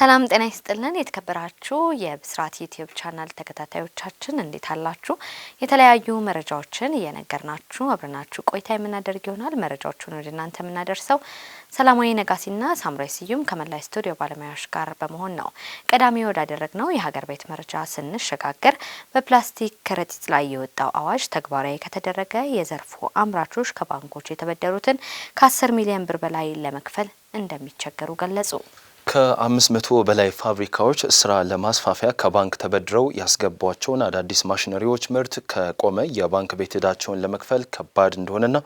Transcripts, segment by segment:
ሰላም ጤና ይስጥልን። የተከበራችሁ የብስራት ዩቲዩብ ቻናል ተከታታዮቻችን እንዴት አላችሁ? የተለያዩ መረጃዎችን እየነገርናችሁ አብረናችሁ ቆይታ የምናደርግ ይሆናል። መረጃዎቹን ወደ እናንተ የምናደርሰው ሰላማዊ ነጋሲና ሳምራይ ስዩም ከመላይ ስቱዲዮ ባለሙያዎች ጋር በመሆን ነው። ቀዳሚ ነው የሀገር ቤት መረጃ ስንሸጋገር በፕላስቲክ ከረጢት ላይ የወጣው አዋጅ ተግባራዊ ከተደረገ የዘርፉ አምራቾች ከባንኮች የተበደሩትን ከአስር ሚሊዮን ብር በላይ ለመክፈል እንደሚቸገሩ ገለጹ። ከ500 በላይ ፋብሪካዎች ስራ ለማስፋፊያ ከባንክ ተበድረው ያስገቧቸውን አዳዲስ ማሽነሪዎች ምርት ከቆመ የባንክ ቤት ዕዳቸውን ለመክፈል ከባድ እንደሆነና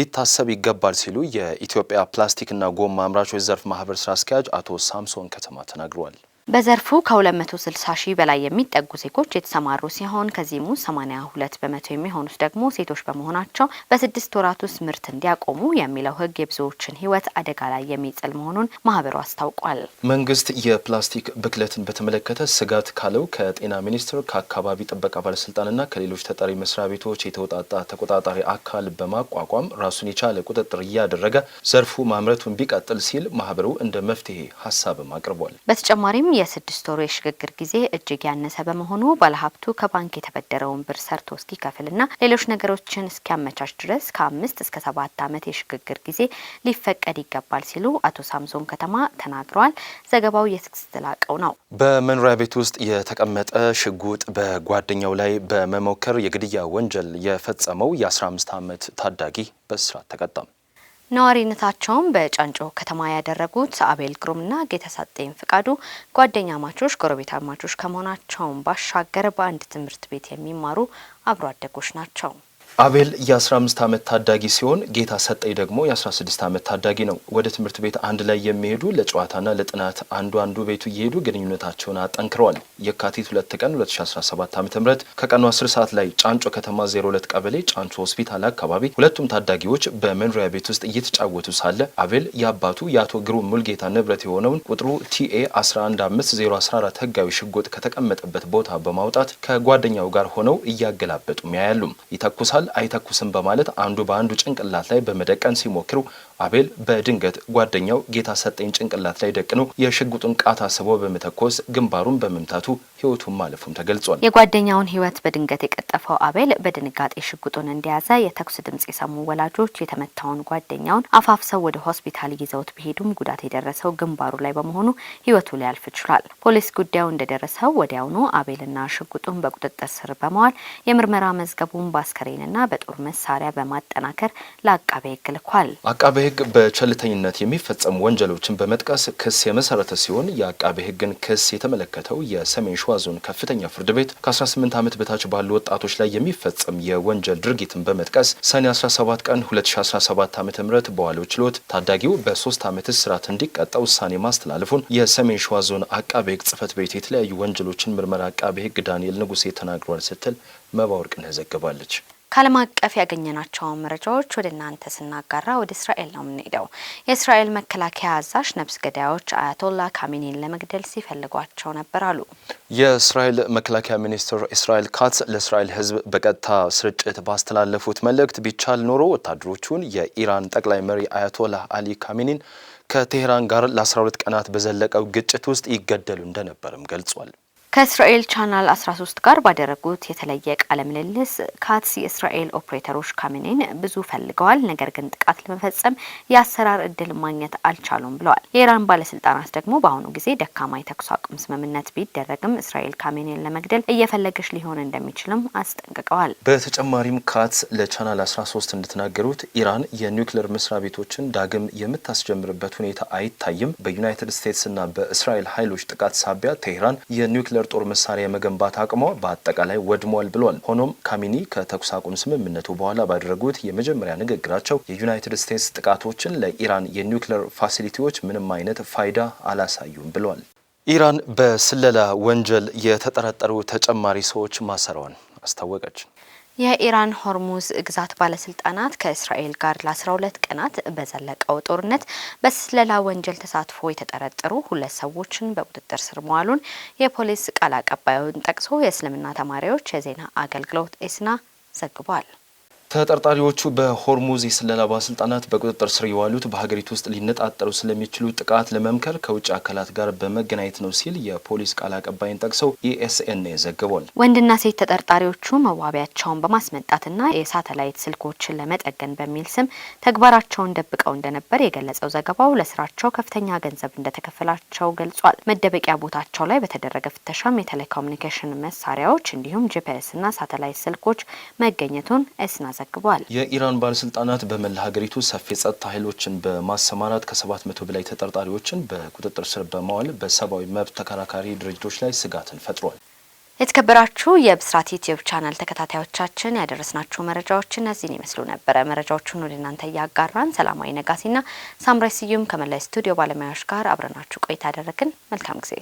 ሊታሰብ ይገባል ሲሉ የኢትዮጵያ ፕላስቲክና ጎማ አምራቾች ዘርፍ ማህበር ስራ አስኪያጅ አቶ ሳምሶን ከተማ ተናግረዋል። በዘርፉ ከ260 ሺህ በላይ የሚጠጉ ዜጎች የተሰማሩ ሲሆን ከዚህም ውስጥ 82 በመቶ የሚሆኑት ደግሞ ሴቶች በመሆናቸው በስድስት ወራት ውስጥ ምርት እንዲያቆሙ የሚለው ህግ የብዙዎችን ህይወት አደጋ ላይ የሚጥል መሆኑን ማህበሩ አስታውቋል። መንግስት የፕላስቲክ ብክለትን በተመለከተ ስጋት ካለው ከጤና ሚኒስቴር፣ ከአካባቢ ጥበቃ ባለስልጣንና ከሌሎች ተጠሪ መስሪያ ቤቶች የተውጣጣ ተቆጣጣሪ አካል በማቋቋም ራሱን የቻለ ቁጥጥር እያደረገ ዘርፉ ማምረቱን ቢቀጥል ሲል ማህበሩ እንደ መፍትሄ ሀሳብም አቅርቧል። በተጨማሪም የስድስት ወሩ የሽግግር ጊዜ እጅግ ያነሰ በመሆኑ ባለሀብቱ ከባንክ የተበደረውን ብር ሰርቶ እስኪከፍልና ሌሎች ነገሮችን እስኪያመቻች ድረስ ከአምስት እስከ ሰባት ዓመት የሽግግር ጊዜ ሊፈቀድ ይገባል ሲሉ አቶ ሳምሶን ከተማ ተናግረዋል። ዘገባው የትዕግስት ላቀው ነው። በመኖሪያ ቤት ውስጥ የተቀመጠ ሽጉጥ በጓደኛው ላይ በመሞከር የግድያ ወንጀል የፈጸመው የ15 ዓመት ታዳጊ በእስራት ተቀጣም። ነዋሪነታቸውን በጫንጮ ከተማ ያደረጉት አቤል ግሩምና ጌተሳጤን ፍቃዱ ጓደኛ ማቾች፣ ጎረቤት አማቾች ከመሆናቸውን ባሻገር በአንድ ትምህርት ቤት የሚማሩ አብሮ አደጎች ናቸው። አቤል የ15 ዓመት ታዳጊ ሲሆን ጌታ ሰጠኝ ደግሞ የ16 ዓመት ታዳጊ ነው። ወደ ትምህርት ቤት አንድ ላይ የሚሄዱ ለጨዋታና ለጥናት አንዱ አንዱ ቤቱ እየሄዱ ግንኙነታቸውን አጠንክረዋል። የካቲት 2 ቀን 2017 ዓ.ም ከቀኑ 10 ሰዓት ላይ ጫንጮ ከተማ 02 ቀበሌ ጫንጮ ሆስፒታል አካባቢ ሁለቱም ታዳጊዎች በመኖሪያ ቤት ውስጥ እየተጫወቱ ሳለ አቤል የአባቱ የአቶ ግሩም ሙልጌታ ንብረት የሆነውን ቁጥሩ ቲኤ 115014 ህጋዊ ሽጉጥ ከተቀመጠበት ቦታ በማውጣት ከጓደኛው ጋር ሆነው እያገላበጡም ያያሉም ይተኩሳል ይተኩሳል አይተኩስም በማለት አንዱ በአንዱ ጭንቅላት ላይ በመደቀን ሲሞክሩ አቤል በድንገት ጓደኛው ጌታ ሰጠኝ ጭንቅላት ላይ ደቅኖ የሽጉጡን ቃታ ስቦ በመተኮስ ግንባሩን በመምታቱ ህይወቱን ማለፉም ተገልጿል። የጓደኛውን ህይወት በድንገት የቀጠፈው አቤል በድንጋጤ ሽጉጡን እንደያዘ የተኩስ ድምጽ የሰሙ ወላጆች የተመታውን ጓደኛውን አፋፍሰው ወደ ሆስፒታል ይዘውት ቢሄዱም ጉዳት የደረሰው ግንባሩ ላይ በመሆኑ ህይወቱ ሊያልፍ ችሏል። ፖሊስ ጉዳዩ እንደደረሰው ወዲያውኑ አቤልና ሽጉጡን በቁጥጥር ስር በመዋል የምርመራ መዝገቡን በአስከሬንና ና በጦር መሳሪያ በማጠናከር ለአቃቤ ሕግ ልኳል። አቃቤ ሕግ በቸልተኝነት የሚፈጸሙ ወንጀሎችን በመጥቀስ ክስ የመሰረተ ሲሆን የአቃቤ ሕግን ክስ የተመለከተው የሰሜን ሸዋ ዞን ከፍተኛ ፍርድ ቤት ከ18 ዓመት በታች ባሉ ወጣቶች ላይ የሚፈጸም የወንጀል ድርጊትን በመጥቀስ ሰኔ 17 ቀን 2017 ዓ ም በዋለው ችሎት ታዳጊው በሶስት ዓመት እስራት እንዲቀጣ ውሳኔ ማስተላለፉን የሰሜን ሸዋ ዞን አቃቤ ሕግ ጽህፈት ቤት የተለያዩ ወንጀሎችን ምርመራ አቃቤ ሕግ ዳንኤል ንጉሴ ተናግሯል ስትል መባወርቅነህ ዘግባለች። ከዓለም አቀፍ ያገኘናቸውን መረጃዎች ወደ እናንተ ስናጋራ ወደ እስራኤል ነው የምንሄደው። የእስራኤል መከላከያ አዛዥ ነፍስ ገዳዮች አያቶላ ካሚኒን ለመግደል ሲፈልጓቸው ነበር አሉ። የእስራኤል መከላከያ ሚኒስትር እስራኤል ካትስ ለእስራኤል ሕዝብ በቀጥታ ስርጭት ባስተላለፉት መልእክት ቢቻል ኖሮ ወታደሮቹን የኢራን ጠቅላይ መሪ አያቶላ አሊ ካሜኒን ከቴህራን ጋር ለ12 ቀናት በዘለቀው ግጭት ውስጥ ይገደሉ እንደነበርም ገልጿል። ከእስራኤል ቻናል 13 ጋር ባደረጉት የተለየ ቃለ ምልልስ ካትስ የእስራኤል ኦፕሬተሮች ካሚኔን ብዙ ፈልገዋል፣ ነገር ግን ጥቃት ለመፈጸም የአሰራር እድል ማግኘት አልቻሉም ብለዋል። የኢራን ባለስልጣናት ደግሞ በአሁኑ ጊዜ ደካማ የተኩስ አቁም ስምምነት ቢደረግም እስራኤል ካሚኔን ለመግደል እየፈለገች ሊሆን እንደሚችልም አስጠንቅቀዋል። በተጨማሪም ካትስ ለቻናል 13 እንደተናገሩት ኢራን የኒውክሌር መስሪያ ቤቶችን ዳግም የምታስጀምርበት ሁኔታ አይታይም። በዩናይትድ ስቴትስና በእስራኤል ኃይሎች ጥቃት ሳቢያ ቴህራን የኒውክሌር የኒውክሌር ጦር መሳሪያ የመገንባት አቅሟ በአጠቃላይ ወድሟል ብሏል። ሆኖም ካሚኒ ከተኩስ አቁም ስምምነቱ በኋላ ባደረጉት የመጀመሪያ ንግግራቸው የዩናይትድ ስቴትስ ጥቃቶችን ለኢራን የኒውክሌር ፋሲሊቲዎች ምንም አይነት ፋይዳ አላሳዩም ብሏል። ኢራን በስለላ ወንጀል የተጠረጠሩ ተጨማሪ ሰዎች ማሰሯን አስታወቀች። የኢራን ሆርሙዝ ግዛት ባለስልጣናት ከእስራኤል ጋር ለ12 ቀናት በዘለቀው ጦርነት በስለላ ወንጀል ተሳትፎ የተጠረጠሩ ሁለት ሰዎችን በቁጥጥር ስር መዋሉን የፖሊስ ቃል አቀባዩን ጠቅሶ የእስልምና ተማሪዎች የዜና አገልግሎት ኤስና ዘግቧል። ተጠርጣሪዎቹ በሆርሙዝ የስለላ ባለስልጣናት በቁጥጥር ስር የዋሉት በሀገሪቱ ውስጥ ሊነጣጠሩ ስለሚችሉ ጥቃት ለመምከር ከውጭ አካላት ጋር በመገናኘት ነው ሲል የፖሊስ ቃል አቀባይን ጠቅሰው ኢኤስኤንኤ e ዘግቧል። ወንድና ሴት ተጠርጣሪዎቹ መዋቢያቸውን በማስመጣትና የሳተላይት ስልኮችን ለመጠገን በሚል ስም ተግባራቸውን ደብቀው እንደነበር የገለጸው ዘገባው ለስራቸው ከፍተኛ ገንዘብ እንደተከፈላቸው ገልጿል። መደበቂያ ቦታቸው ላይ በተደረገ ፍተሻም የቴሌኮሙኒኬሽን መሳሪያዎች እንዲሁም ጂፒኤስና ሳተላይት ስልኮች መገኘቱን እስና ዘግቧል። የኢራን ባለስልጣናት በመላ ሀገሪቱ ሰፊ የጸጥታ ኃይሎችን በማሰማራት ከሰባት መቶ በላይ ተጠርጣሪዎችን በቁጥጥር ስር በማዋል በሰብአዊ መብት ተከራካሪ ድርጅቶች ላይ ስጋትን ፈጥሯል። የተከበራችሁ የብስራት ዩቲዩብ ቻናል ተከታታዮቻችን ያደረስናችሁ መረጃዎች እነዚህን ይመስሉ ነበረ። መረጃዎቹን ወደ እናንተ እያጋራን ሰላማዊ ነጋሲና ሳምራይ ስዩም ከመላይ ስቱዲዮ ባለሙያዎች ጋር አብረናችሁ ቆይታ ያደረግን መልካም ጊዜ